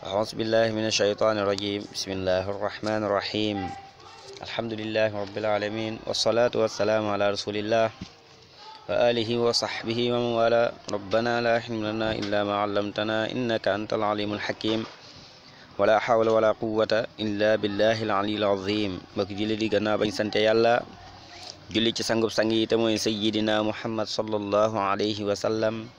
أعوذ بالله من الشيطان الرجيم بسم الله الرحمن الرحيم الحمد لله رب العالمين والصلاة والسلام على رسول الله وآله وصحبه ومن والاه ربنا لا حلم لنا إلا ما علمتنا إنك أنت العليم الحكيم ولا حول ولا قوة إلا بالله العلي العظيم mbokk julli di gannaaw bañ sante yàlla julli ci sangub sang yi te mooy sayyidina Muhammad sallallahu alayhi wa sallam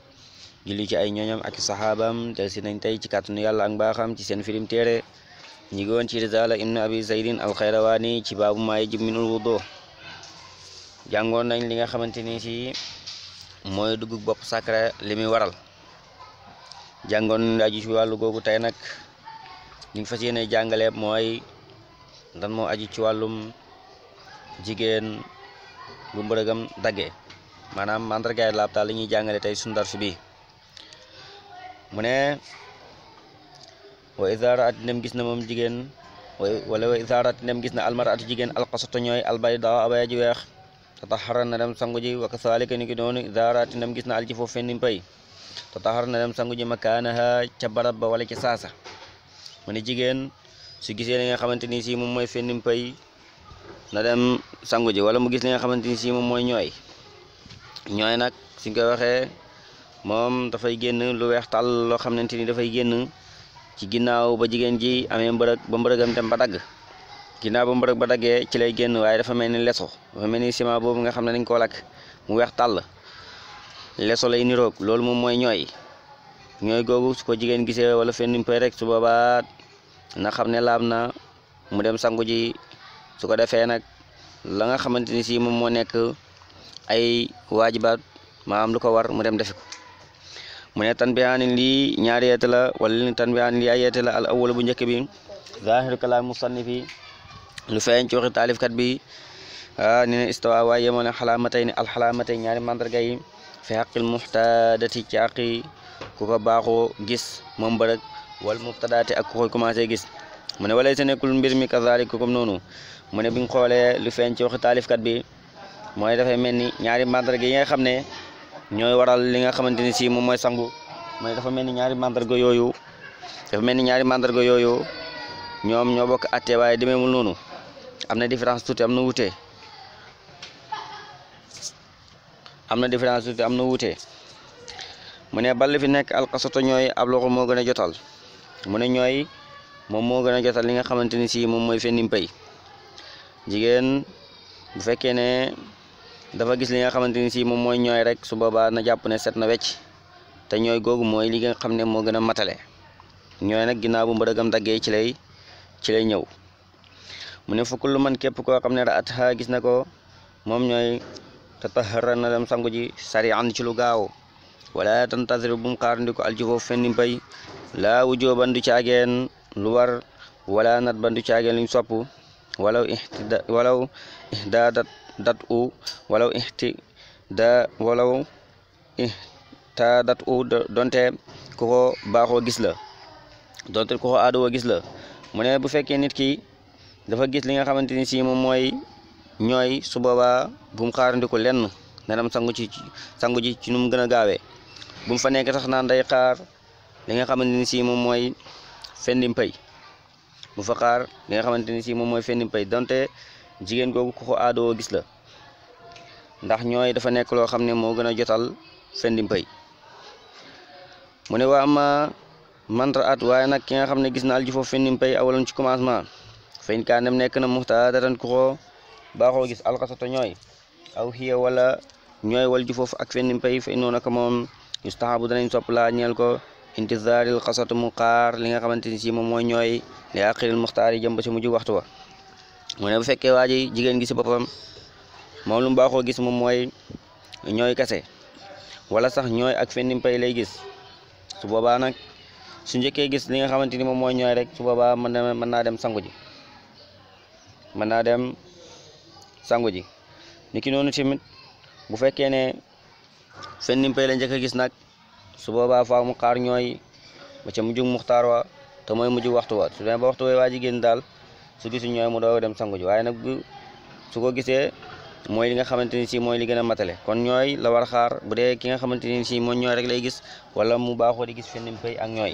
julli ci ay ñooñam ak saxaabaam del si nañ tey ci kàttanu yàlla ak mbaaxam ci seen firim téere ñi ngi woon ci risaala ibnu abi zaydin alxayrawaani ci baabu maa yajib minul wudu jàngoon nañ li nga xamante ni si mooy dugg bopp sacré li muy waral jàngoon aju ci wàllu googu tey nag ñu ngi fas yéene jàngale mooy dan moo aju ci wàllum jigéen lu mbërëgam daggee maanaam mandargaay laabtaal la ñuy jàngale tey sunu darsu bi mu ne wa izaa raat ndem gis na moom jigéen wala wa izaa raat ndem gis na almaratu jigéen al alqasata ñooy albayda abaya ji weex tataxara na dem sangu ji wa kasaalika ni ki noonu izaa raat ndem gis na alji foofu fenn pay na dem sangu ji makaanaha ca barab ba wala ca saasa mu ne jigéen si gisee li nga xamante ni si moom mooy fenn pay na dem sangu ji wala mu gis li nga xamante ni si moom mooy ñooy ñooy nag si koy waxee moom dafay génn lu weex tàll loo xamante ni dafay génn ci ginnaaw ba jigéen ji amee mbërëg ba am dem ba dagg ginnaaw ba mbërëg ba daggee ci lay génn waaye dafa mel ni leso dafa mel ni ciment boobu nga xam ne dañ koo lakk mu weex tàll leso lay niroog loolu moom mooy ñooy ñooy googu su ko jigéen gisee wala fenn pay rek su boobaa na xam ne laab na mu dem sangu ji su ko defee nag la nga xamante ni si moom moo nekk ay waajibaat maanaam lu ko war mu dem defi ko mu ne tanbihaanin lii ñaari yeete la wala li tanbihaanin lii ay yeete bu njëkk bi zahiru kalaam musannifi lu feeñ ci waxi taalifkat bi a ah, ne na istawa waaye yemoo ne xalaamatay ni ñaari mandarga yi fi xaqil muxtaadati ci àqi ku ko baaxoo gis moom bërëg wal mubtadaati ak ku koy commencé gis mu ne walay sa nekkul mbir mi ko comme noonu mu ne bi ñu xoolee lu feeñ ci waxi taalifkat bi mooy dafay mel ni ñaari mandarga yi nga xam ne ñooy waral li nga xamante ni si moom mooy sangu mooy dafa mel ni ñaari mandarga yooyu dafa mel ni ñaari mandarga yooyu ñoom ñoo bokk atte waaye demee demeewul noonu am na différence tuuti am na wuute am na différence tuuti am na wuute mu ne ball fi nekk alxasatu ñooy ab moo gën a jotal mu ne ñooy moom moo gën a jotal li nga xamante ni si moom mooy fenn mpay jigéen bu fekkee dafa gis li nga xamante ni si moom mooy ñooy rek su boobaa na jàpp ne set na wecc te ñooy googu mooy li nga xam ne moo gën a matale ñooy nag ginnaaw bu mbërëgam daggee ci lay ci lay ñëw mu ne fukk lu man képp ko xam ne raat ha gis na ko moom ñooy tatahara na dem sangu ji sari an ci lu gaaw walla tantazir bu mu xaarandi ko aljufoofu fenn mbay laa wujoo bandu caageen lu war wala nat bandu caageen luñ sopp walaw ihda walaw dat u walaw ixti da walaw ixta dat u donte ku ko baaxoo gis la donte ku ko aadoo gis la mu ne bu fekkee nit ki dafa gis li nga xamante ni si moom mooy ñooy su boobaa bu mu xaarandiku lenn na dem sangu ci sangu ji ci nu mu gën a gaawee bu fa nekk sax naan day xaar li nga xamante ni si moom mooy fendim pay mu fa xaar li nga xamante ni si moom mooy fendim pay donte jigéen googu ku ko aadoo gis la ndax ñooy dafa nekk loo xam ne moo gën a jotal seen di mu ne waa ama mantra at waaye nag ki nga xam ne gis na aljufa fenn mbéy awaloon ci commencement feeñ kaa dem nekk na muxtaadatan ku ko baaxoo gis alxasata ñooy aw xiya wala ñooy wal jufoof ak fenn mbéy fa noonu ak moom yustahabu danañ sopp laa ñeel ko intizaaril xasata mu xaar li nga xamante ni si moom mooy ñooy li àqiril muxtaar yi jëm ba si mujj waxtu wa moo ne bu fekkee waa jigéen gi si boppam moom lu mu baaxoo gis moom mooy ñooy kase wala sax ñooy ak fennimpay lay gis su boobaa nag su njëkkee gis li nga xamante ni moom mooy ñooy rek su boobaa mën na mën naa dem sangu ji mën naa dem sangu ji niki noonu tamit bu fekkee ne fennimpay la njëkk a gis nag su boobaa faaw mu xaar ñooy ba ca mujj muxtaar waa te mooy mujj waxtu wa su demee ba waxtu waa jigéen daal su gisuñ ñooy mu doo dem sangu ji waaye nag bu su ko gisee mooy li nga xamante ni si mooy li gën a matale kon ñooy la war xaar bu dee ki nga xamante ni si mooy ñooy rek lay gis wala mu baaxoo di gis fenn pay ak ñooy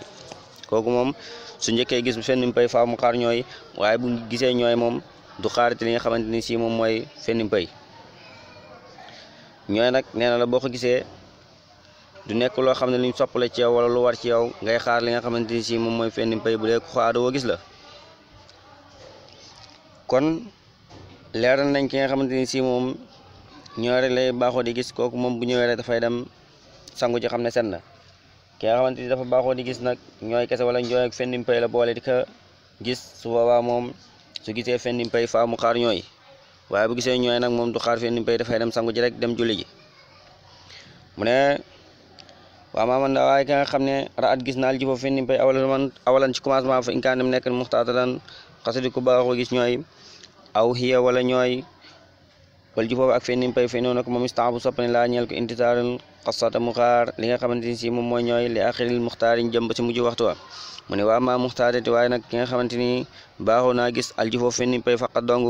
kooku moom su njëkkee gis fenn pay faaw mu xaar ñooy waaye bu gisee ñooy moom du xaarati li nga xamante ni si moom mooy fenn pay ñooy nag nee na la boo ko gisee du nekk loo xam ne lu ñu soppale ci yow wala lu war ci yow ngay xaar li nga xamante ni si moom mooy fenn pay bu dee ku xaar woo gis la kon leeral nañ ki nga xamante ni si moom ñoo rek lay baaxoo di gis kooku moom bu ñëwee rek dafay dem sangu ci xam ne set na ki ni dafa baaxoo di gis nag ñooy kese wala ñooy ak fenn mpay la boole di ko gis su boobaa moom su gisee fenn mpay faa mu xaar ñooy waaye bu gisee ñooy nag moom du xaar fenn mpay dafay dem sangu ji rek dem julli ji mu ne waa maaman daa waaye xam ne raat gis naal ji foofu fenn mpay awalan awalan ci commencement fa inkaan dem nekk muxtaatalan xasadi ku baaxoo gis ñooy aw xiya wala ñooy wal ak fennim pay fe noonu ak moom istaabu soppane laa ñeel ko intitaaral xasata mu xamante ni si moom mooy ñooy li axiril jëm ba si mujj waxtu wa mu ne waa ki nga xamante ni baaxoo naa gis al ji foofu fennim pay faqat dong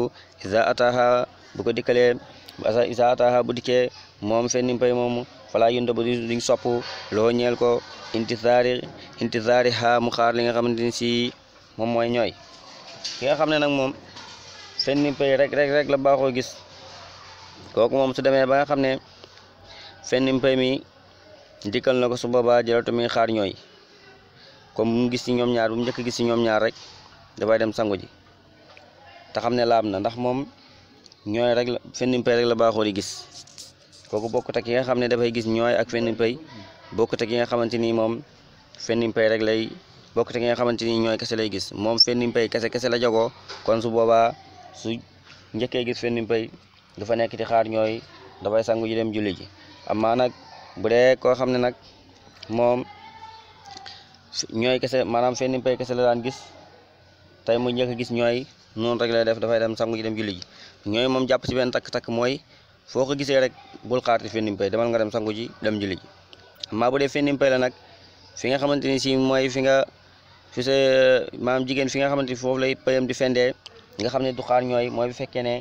isa ataha bu ko dikkalee moomu falaa yunta ba duñ sopp loo intisaari intisaari mu xaar li nga xamante ni si moom mooy ñooy ki nga xam ne nag moom seen ni rek rek rek la baaxoo gis kooku moom su demee ba nga xam ne fenn mpay mi dikkal na ko su boobaa jaratu mi xaar ñooy comme mu gis ci ñoom ñaar bu mu njëkk gis ci ñoom ñaar rek dafay dem sangu ji te xam ne laab na ndax moom ñooy rek la fenn mpay rek la baaxoo di gis kooku bokkut ak ki nga xam ne dafay gis ñooy ak fenn mpay bokkut ak ki nga xamante ni moom fenn mpay rek lay bokk te ki nga xamante ni ñooy kese lay gis moom fenn kese la jagoo kon su boobaa su njëkk gis fenn pay du nekk di xaar ñooy dafay sangu ji dem julli ji amaa nag bu dee koo xam ne nag moom ñooy kese maanaam fenn pay la daan gis tey mu njëkk gis ñooy noonu rek lay def dafay dem sangu ji dem julli ji ñooy moom jàpp si benn takk-takk mooy foo ko gisee rek bul xaarti fenn pay demal nga dem sangu ji dem julli amaa bu dee fenn la nag fi nga xamante si mooy fi nga fi maam jigéen fi nga xamante ni foofu lay pëyam di fendee nga xam ne du xaar ñooy mooy bu fekkee ne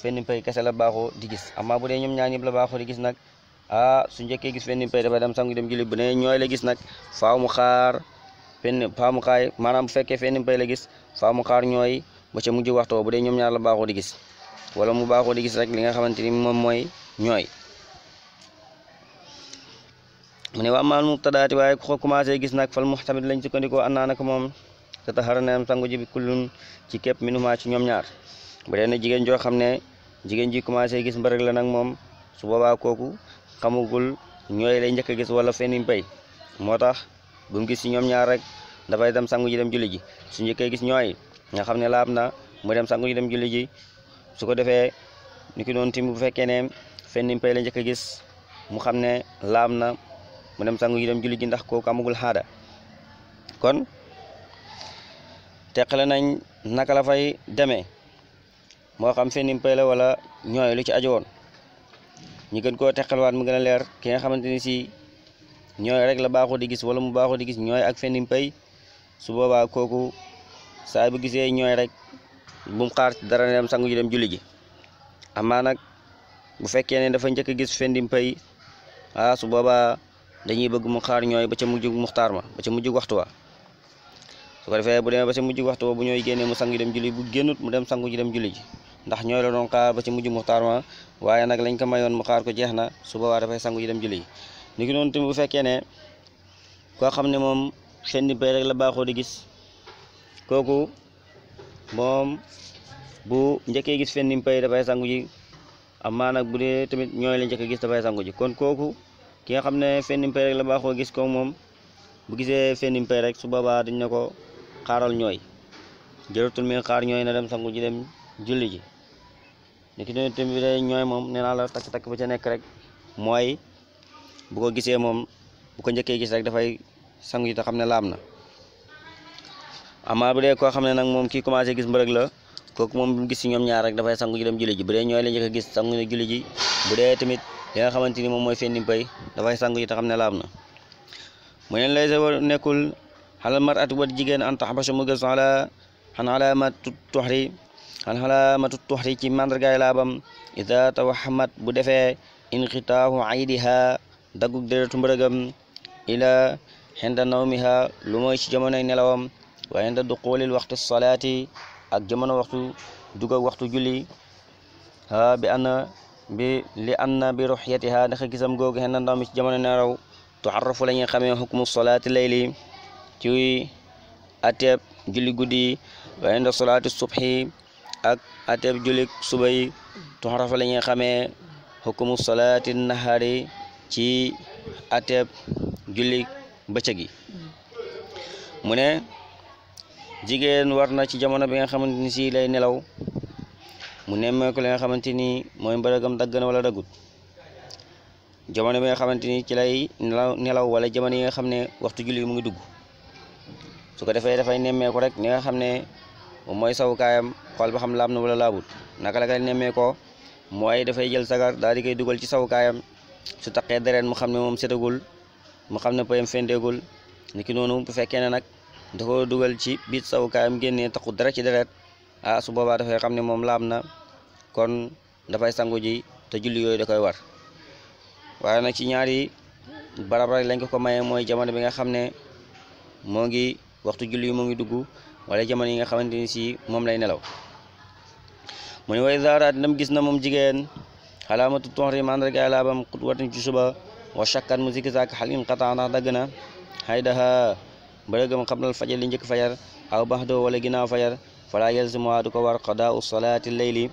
fenn pëy kese la baaxoo di gis amaa bu dee ñoom ñaar ñëpp la baaxoo di gis nag ah su njëkkee gis fenn pëy dafa dem sangu dem bu ne ñooy la gis nag faaw mu xaar fenn faaw maanaam bu fekkee fenn pëy la gis faaw mu xaar ñooy ba ca mujj waxtoo bu dee ñoom ñaar la baaxoo di gis wala mu baaxoo di gis rek li nga xamante ni moom mooy ñooy mu ne wa amaal mubtadaati waaye ko commencé gis nag fal muxtamit lañ sukkandikoo an naa naka moom te taxara ne am sangu ji bi kullun ci képp minuma ci ñoom ñaar bu na jigéen joo xam ne jigéen ji commencé gis mbërëg la nag moom su boobaa kooku xamugul ñooy lay njëkk a gis wala fenn mbéy moo tax bu gis si ñoom ñaar rek dafay dem sangu ji dem julli ji su njëkkee gis ñooy nga xam ne laab na mu dem sangu dem julli ji su ko defee ni ki doon tim bu fekkee ne fenn mbéy la njëkk a gis mu xam ne laab na mu dem sangu ji dem julli ji ndax kooku amagul xaada kon teqale nañ naka la fay deme moo xam fenn pay la wala ñooy lu ci aju woon ñu gën koo teqalwaat mu gën a leer ki nga xamante ni si ñooy rek la baaxoo di gis wala mu baaxoo di gis ñooy ak fenn pay su boobaa kooku saa bu gisee ñooy rek bu mu xaar dara dem sangu ji dem julli amaa nag bu fekkee ne dafa njëkk a gis fenn pay ah dañuy bëgg mu xaar ñooy ba ca mujjug muxtaar ma ba ca mujjug waxtu wa su ko defee bu demee ba ca mujjug waxtu wa bu ñooy génnee mu sangu dem julli bu génnut mu dem sangu ji dem julli ndax ñooy la doon xaar ba ci mujj muxtaar ma waaye nag lañ ko mayoon mu xaar ko jeex na su boobaa dafay sangu ji dem julli ji ni ki noonu tamit bu fekkee ne koo xam ne moom seen bay rek la baaxoo di gis kooku moom bu njëkkee gis fenn pay dafay sangu ji amaa nag bu dee tamit ñooy la njëkk gis dafay sangu ji kon kooku ki nga xam ne fennimpay rek la baaxoo gis ko moom bu gisee fennimpay rek su boobaa dañ ne ko xaaral ñooy jëratul meen xaar ñooy na dem sangu ji dem julli ji ni ki doon tamit ñooy moom nee naa la takk-takk ba ca nekk rek mooy bu ko gisee moom bu ko njëkkee gis rek dafay sangu ji te xam ne laam na amaa bu dee koo xam ne nag moom kii commencé gis mbërëg la kooku moom bu gis si ñoom ñaar rek dafay sangu ji dem julli ji bu dee ñooy la njëkk a gis sangu ne julli ji bu dee tamit li nga xamante ni moom mooy fenni mbay dafay sangu ji te xam ne laab mu neen lay sa nekkul xalal mar at wat jigéen an tax basa mu gës xan alaamatu tuxri xan alaamatu tuxri ci màndargaay laabam ida tawaxamat bu defee inqitaahu aydiha daggug déretu mbërëgam ila xenda nawmiha lu mooy ci jamonoy nelawam wa xenda duqulil waxtu salaati ak jamono waxtu dugg waxtu julli bi ana bi li an na bi ruxyatiha ndax gisam googu xen na ndaw mi ci jamono neraw tuxarrafu la ñuy xamee xukmu solaati layli ci ateeb julli guddi yi wa inda subhi ak ateeb julli suba yi tuxarrafu la ñuy xamee xukmu solaati nahaari ci ateeb julli bëccëg mu ne jigéen war ci jamono bi nga xamante ni si lay nelaw mu nemmeeku la nga xamante nii mooy mbërëgam dagg na wala daggut jamono bi nga xamante ni ci lay nelaw wala jamono yi nga xam ne waxtu julli mu ngi dugg su ko defee dafay nemmeeku rek ni nga xam ne mooy sawukaayam xool ba xam laab na wala laabut naka la koy nemmeekoo mooy dafay jël sagar daal di koy dugal ci sawukaayam su taqee dereen mu xam ne moom setagul mu xam ne payam fendeegul ki noonu bu fekkee ne nag da ko dugal ci biit sawukaayam génnee taqu dara ci deret ah su boobaa dafay xam ne moom laam na kon dafay sangu ji te julli yooyu da koy war waaye nag ci ñaari barab rek lañ ko ko mayee mooy jamono bi nga xam ne moo ngi waxtu julli yi moo ngi dugg wala jamono yi nga xamante ni si moom lay nelaw mu ne way zaaraat ndam gis na moom jigéen xalaamatu tonri mandargaay laabam xut watin ci suba wa shakkan mu sikki sàkk xal in xataa ndax dagg na xay daxa bërëgam xam nal fajar li njëkk fajar aw bax doo wala ginnaaw fajar fala yalzimuha du ko war qadaau salaati leyli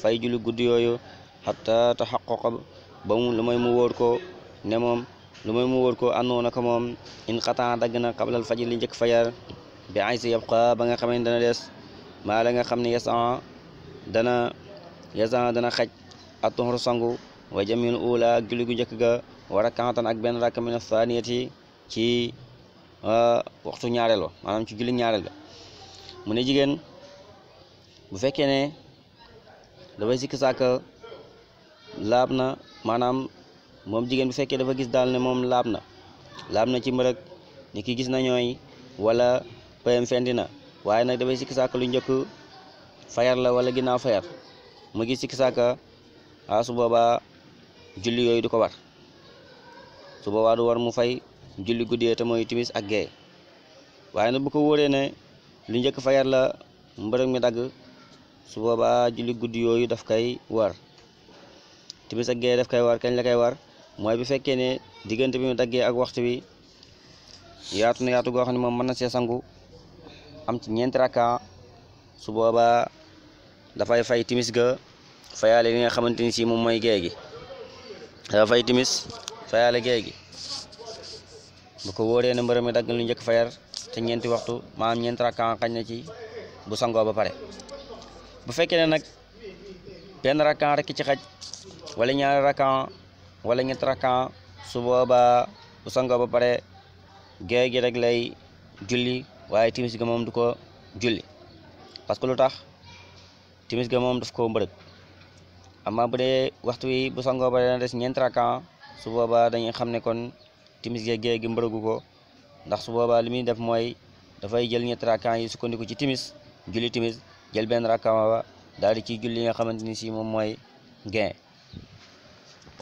fay julli guddi yooyu xata ba mu lu may mu wóor ko ne moom lu may mu wóor ko àndoon ko moom in xataa dagg na qablal li njëkk fajar bi ay si yabqa ba nga xam ne dana des maa la nga xam ne nga dana yasan dana xaj atuhur sangu wa jamin ula ak julli gu njëkk ga wa rakkaatan ak benn rakka min athaniyati ci ah, waxtu ñaareel wa maanaam ci julli ñaareel ga mu ne jigéen bu fekkee ne dafay sikk sàkk laab na maanaam moom jigéen bu fekkee dafa gis daal ne moom laab na laab na ci mbërëg ni ki gis na ñooy wala payam fendi na waaye nag dafay sikk sàkk lu njëkk fayar la wala ginnaaw fayar mu gis sikk sàkk a su boobaa julli yooyu du ko war su boobaa du war mu fay julli guddee te mooy timis ak gee waaye nag bu ko wóoree lu njëkk fayar la mbërëg mi dagg su boobaa julli guddi yooyu daf koy war timis ak gee daf koy war kañ la koy war mooy bi fekkee ne diggante bi mu daggee ak waxtu wi yaatu na yaatu goo xam ne moom mën na see sangu am ci ñeenti su boobaa dafay fay timis ga fayaale li nga xamante ni si moom mooy gee gi dafa fay timis fayaale gee gi bu ko wóoree na mbërë mi dagg lu njëkk fayar te ñeenti waxtu maanaam ñeenti rakka xañ na ci bu sangoo ba pare bu fekkee ne nag benn rakkan rek ci xaj wala ñaar rakkan wala ñetti rakkan su boobaa bu sangoo ba pare géej gi rek lay julli waaye timis ga moom du ko julli parce que lu tax timis ga moom daf koo mbërëg amma bu dee waxtu wi bu sangoo ba dana des ñeenti rakkan su boobaa dañuy xam ne kon timis ga géej gi mbërëgu ko ndax su boobaa li muy def mooy dafay jël ñetti rakkan yi sukkandiku ci timis julli timis jël benn rakkaama ba daal di ciy julli nga xamante si moom mooy gee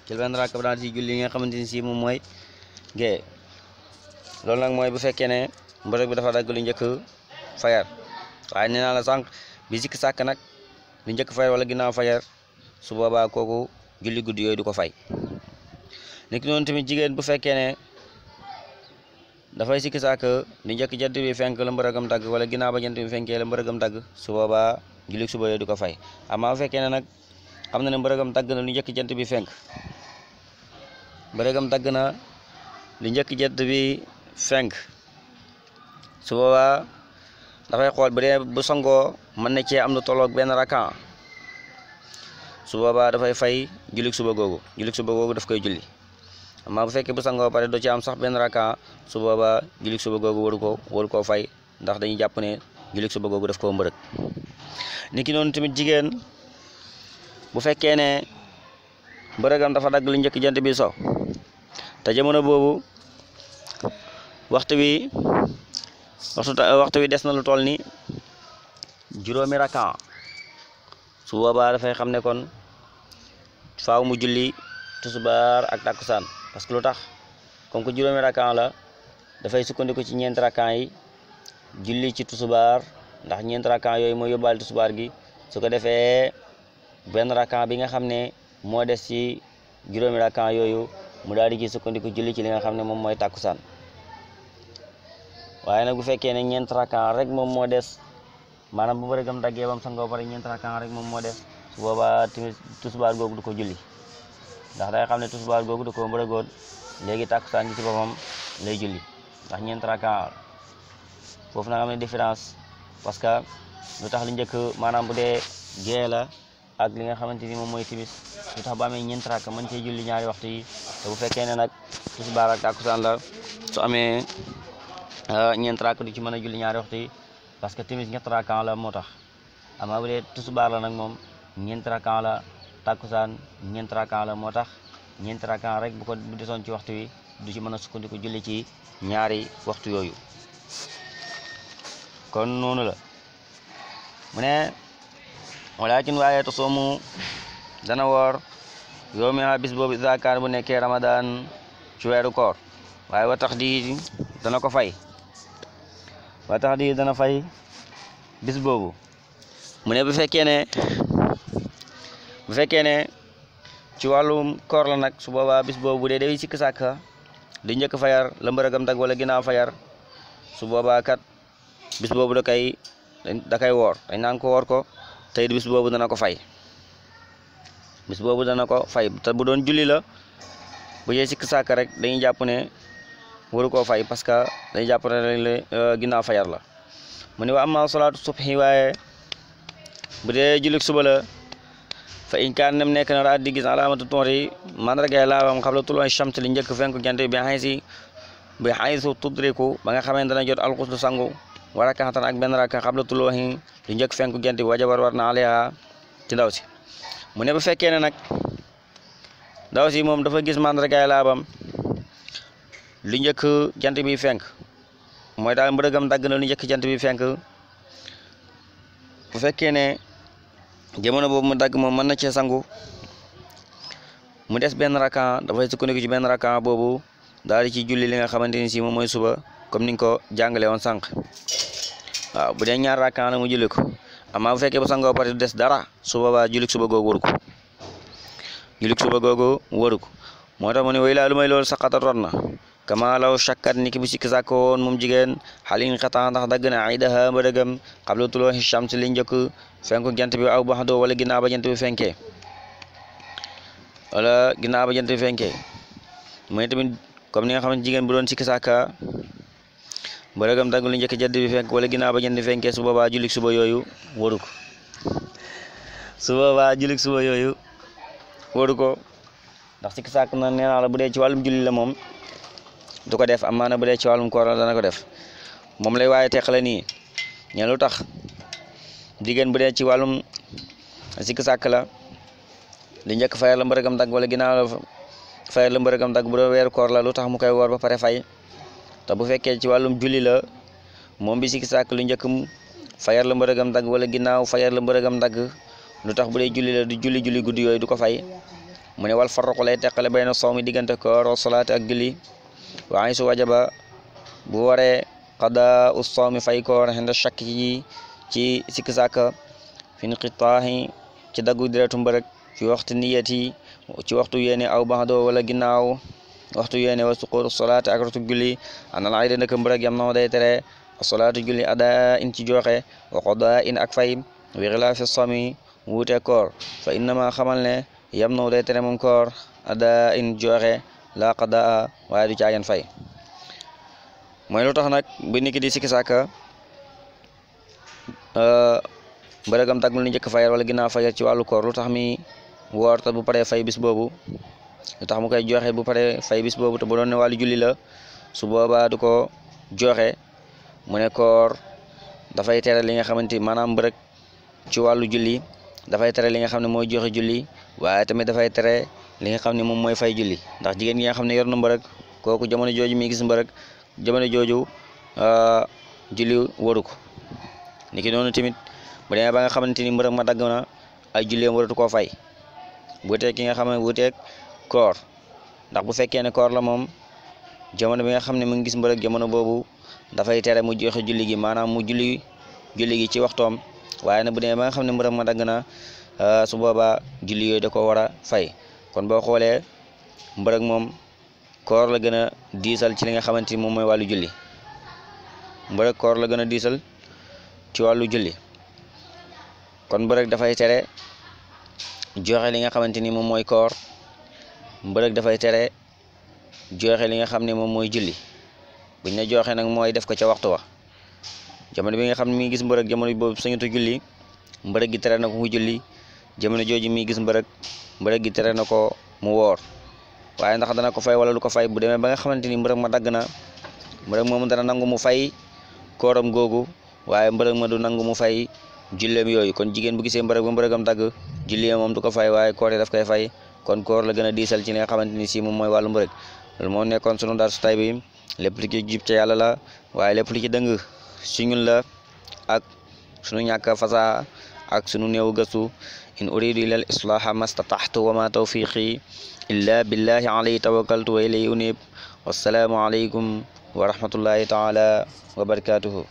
jël benn rakka ba daal di julli nga xamante ni si moom mooy gee loolu nag mooy bu fekkee ne mbërëg bi dafa dagg lu njëkk fajar waaye nee naa la sànq bi sikk sàkk nag lu njëkk fajar wala ginnaaw fajar su boobaa kooku julli guddi yooyu du ko fay niki noonu tamit jigéen bu fekkee dafay sikki sàkk ni njëkk jant bi fenk la mbërëgam dagg wala ginnaaw ba jant bi fenkee la mbërëgam dagg su boobaa jullit suba yooyu du ko fay amaa bu fekkee ne nag xam na ne mbërëgam dagg na lu njëkk jant bi fenk dagg na lu njëkk jant bi fenk su dafay xool bu dee bu sangoo mën na cee am lu tolloog benn rakan su boobaa dafay fay jullit suba googu jullit suba googu daf koy julli maa bu fekkee bu sango bare do ci am sax benn raka su boobaa jullit suba googu waru ko waru koo fay ndax dañuy jàpp ne jullit suba googu def koo mbërëg ni ki noonu tamit jigéen bu fekkee ne mbërëgam dafa dagg lu njëkk jant bi so te jamono boobu waxtu wi waxtu waxtu wi des na lu toll ni juróomi raka su boobaa dafay xam ne kon faaw mu julli tusubaar ak takkusaan parce lu tax comme que juróomi rakkan la dafay sukkandiku ci ñeenti rakkan yi julli ci tusubaar ndax ñeenti rakkan yooyu mooy yóbbaale tusubaar gi su ko defee benn rakkan bi nga xam ne moo des ci juróomi rakkan yooyu mu daal di ci sukkandiku julli ci li nga xam ne moom mooy tàkkusaan waaye nag bu fekkee ne ñeenti rakkan rek moom moo des maanaam bu bari gam daggee bam sangoo pare ñeenti rakkan rek moom moo des su boobaa tamit tusubaar googu du ko julli ndax day xam ne tusbaar googu da koo mbër a góon léegi tàkkusaan gi ci boppam lay julli ndax ñeent rakka foofu na am na différence parce que lu tax lu njëkk maanaam bu dee gée la ak li nga xamante ni moom mooy timis lu tax bu amee ñeent rakka mën cee julli ñaari waxtu yi te bu fekkee ne nag tusbaar ak tàkkusaan la su amee euh, ñeent rakka du ci mën a julli ñaari waxtu yi parce que timis ñett la moo tax amaa bu dee tusbaar la nag moom ñeent rakka la tàkkusaan ñeenti rakkaan la moo tax ñeenti rakkaan rek bu ko bu desoon ci waxtu wi du ci mën a sukkandiku julli ci ñaari waxtu yooyu kon noonu la mu ne walakin waaye to dana woor yow mi bis boobu zaakaar bu nekkee ramadan ci weeru koor waaye wa tax di dana ko fay wa tax di dana fay bis boobu mu ne bu fekkee ne bu fekkee ne ci wàllum koor la nag su boobaa bis boobu bu dee day sikk sàkk di njëkk fayar la mbërëgam dag wala ginnaaw fayar su boobaa kat bis boobu da koy da woor dañ naan ko woor ko te it bis boobu dana ko fay bis boobu dana ko fay te bu doon julli la bu dee sikk rek dañuy jàpp ne waru koo fay parce que dañuy jàpp ne rek euh, ginnaaw fayar la mu ne wa bu dee jullik suba la fa in kaan nem nekk na a di gis alaamatu tonre yi mandargay laawam xam la tuloon chamt li njëkk fenk jant bi xay si bi xay su ba nga xamee dana jot alxuslu sangu war akaxatan ak benn rakka xam la tulooxi li njëkk fenk jant bi waja war war na aleha ci ndaw si mu ne bu fekkee ne nag ndaw si moom dafa gis mandargay laabam li njëkk jant bi fenk mooy daal mbërëgam dagg na njëkk jant bi fenk bu fekkee ne jamono boobu mu dagg moom mën na cee sangu mu des benn rakkan dafay sukkandiku ci benn rakkan boobu daal di ci julli li nga xamante ni si moom mooy suba comme niñ ko jàngale woon sànq waaw bu dee ñaar rakkan la mu julli ko amaa bu fekkee ba sangoo pare du des dara suba ba julli suba googu waru ko julli suba googu waru ko moo tax mu ne way laa lu may loolu saqata na kamaalaw shakkat ni ki bu sikk sàkk woon moom jigéen xal in xataa ndax dagg na idaha ba dëggam xabla tulooxi shams li njëkk fenku jant bi aw baxdoo wala ginnaaw ba jant bi fenkee wala tamit comme ni nga xam ne jigéen bu doon sikk sàkka ba dëggam dagg li njëkk jant bi fenk wala ginnaaw ba jant bi su boobaa julik suba yooyu waru ko su julik suba yooyu waru ko ndax sikk sàkk na nee la bu dee ci wàllum julli la moom du ko def amaana bu dee ci wàllum koor la dana ko def moom lay waaye teqale nii ñe lu tax jigéen bu dee ci wàllum sikk sàkk la li njëkk fayar la mbërëgam dagg wala ginnaaw la fayar la mbërëgam dagg bu doo koor la lu tax mu koy woor ba pare fay te bu fekkee ci wàllum julli la moom bi sikk sàkk lu njëkk fayar la mbërëgam dagg wala ginnaaw fayar la mbërëgam dagg lu tax bu dee julli la du julli julli guddi yooyu du ko fay mu ne wal farroqu lay teqale bay na soomi diggante koor wa salaat ak julli waaye su wajaba bu waree xada u sawmi fay koor xenda shakk yi ci sikki sàkka fi nqitaahi ci daggu diretu mbërëk fi waxtu niyat yi ci waxtu yéene aw baxdoo wala ginnaaw waxtu yéene wa suqóoru solaate ak rotu julli anal ay da ndëkk mbërëk yam na day tere solaatu julli ada in ci joxe wa qada in ak fay wi xilaafi sawmi wuute koor fa innama xamal ne yam na day tere moom koor ada in joxe laa qadaa waaye du caageen fay mooy lu tax nag bi nit ki di sikki sàkka euh, mbërëgam tàggul ni njëkk fayal wala ginnaaw fayal ci wàllu koor lu tax mi woor te bu paree fay bis boobu lu tax mu koy joxe bu pare fay bis boobu te bu doon ne wàllu julli la su boobaa du ko joxe mu ne koor dafay tere li nga xamante maanaam mbërëg ci wàllu julli dafay tere li nga xam ne mooy joxe julli waaye tamit dafay tere li nga xam ne moom mooy fay julli ndax jigéen gi nga xam ne yor na mbërëg kooku jamono jooju mi gis mbërëg jamono jooju ah, julli waru ko ni ki noonu tamit bu demee ba nga xamante ni mbërëg ma dagg na ay julleem waratu koo fay wuuteeg ki nga xam ne wuuteeg koor ndax bu fekkee ne koor la moom jamono bi nga xam ne mu ngi gis mbërëg jamono boobu dafay tere mu joxe julli gi maanaam mu julli julli gi ci waxtoom waaye nag bu demee ba nga xam ne mbërëg ma dagg na ah, su boobaa julli yooyu da ko war a fay kon boo xoolee mbër moom koor la gën a diisal ci li nga xamante ni moom mooy wàllu julli mbër koor la gën a diisal ci wàllu julli kon mbër dafay tere joxe li nga xamante ni moom mooy koor mbër ak dafay tere joxe li nga xam ne moom mooy julli buñ ne nag mooy def ko ca waxtu wa jamono bi nga xam ne mi ngi gis mbërëg jamono boobu sañatu julli mbërëg gi tere nag mu julli jamono jooju mi gis mbërëg mbërëg gi tere na ko mu woor waaye ndax dana ko fay wala du ko fay bu demee ba nga xamante ni mbërëg ma dagg na mbërëg moom dana nangu mu fay kooram googu waaye mbërëg ma du nangu mu fay julleem yooyu kon jigéen bu gisee mbërëg ba mbërëgam dagg julleem moom du ko fay waaye koor daf koy fay kon koor la gën a diisal ci li nga xamante ni si moom mooy wàllu mbërëg loolu moo nekkoon sunu dar su tay bi lépp li ci jub ca yàlla la waaye lépp li ci dëng si ñun la ak sunu ñàkk fasaa ak sunu néew gëstu in uridu ila al islaaha mastataxtu wa ma tawfiqi illa billahi alayhi tawakkaltu wa ilayhi unib wassalaamu alaykum wa rahmatullahi taala wa barakatuhu